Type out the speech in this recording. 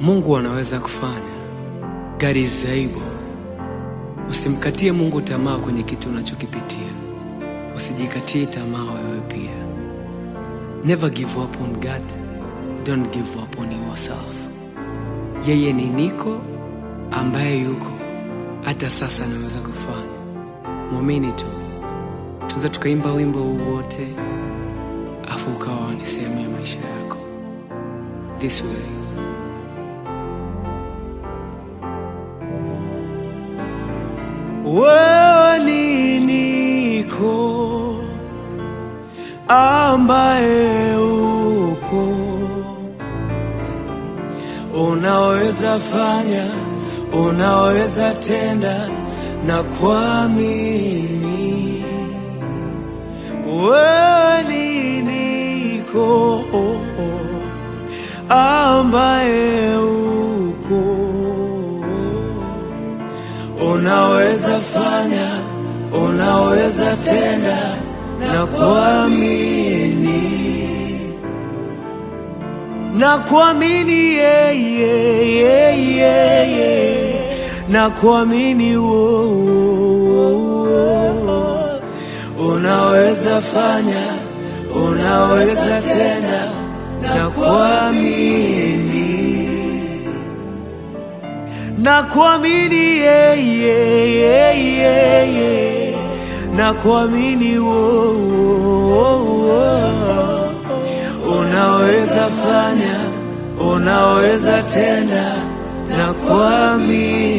Mungu anaweza kufanya. God is able. Usimkatie Mungu tamaa kwenye kitu unachokipitia. Usijikatie tamaa wewe pia. Never give up on God. Don't give up on yourself. Yeye ni niko ambaye yuko hata sasa anaweza kufanya. Mwamini tu. Tunza tukaimba wimbo huu wote, afu ukawa ni sehemu ya maisha yako. This way. wewe ni niko ambaye uko unaweza fanya, unaweza tenda na kuamini. Wewe ni niko ambaye uko unaweza fanya, unaweza tenda na kuamini na kuamini yeye yeah, yeah, yeah, yeah. na kuamini wo, wo, wo. Unaweza fanya, unaweza tenda na kuamini na kuamini yeye, yeye, na kuamini unaweza fanya, unaweza tenda na kuamini